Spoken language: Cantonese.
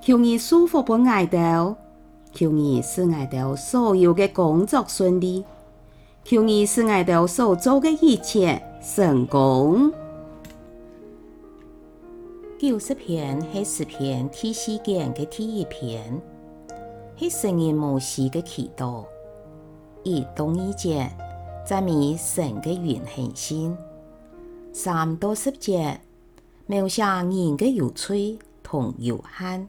求你祝福本艾條，求你使艾條所有嘅工作順利，求你使艾條所做的一切成功。九十篇係十篇體時間嘅第一篇，係神人摩西嘅祈禱。冬一到二節讚美神嘅永恒心。三到十節描寫人嘅有罪同有限。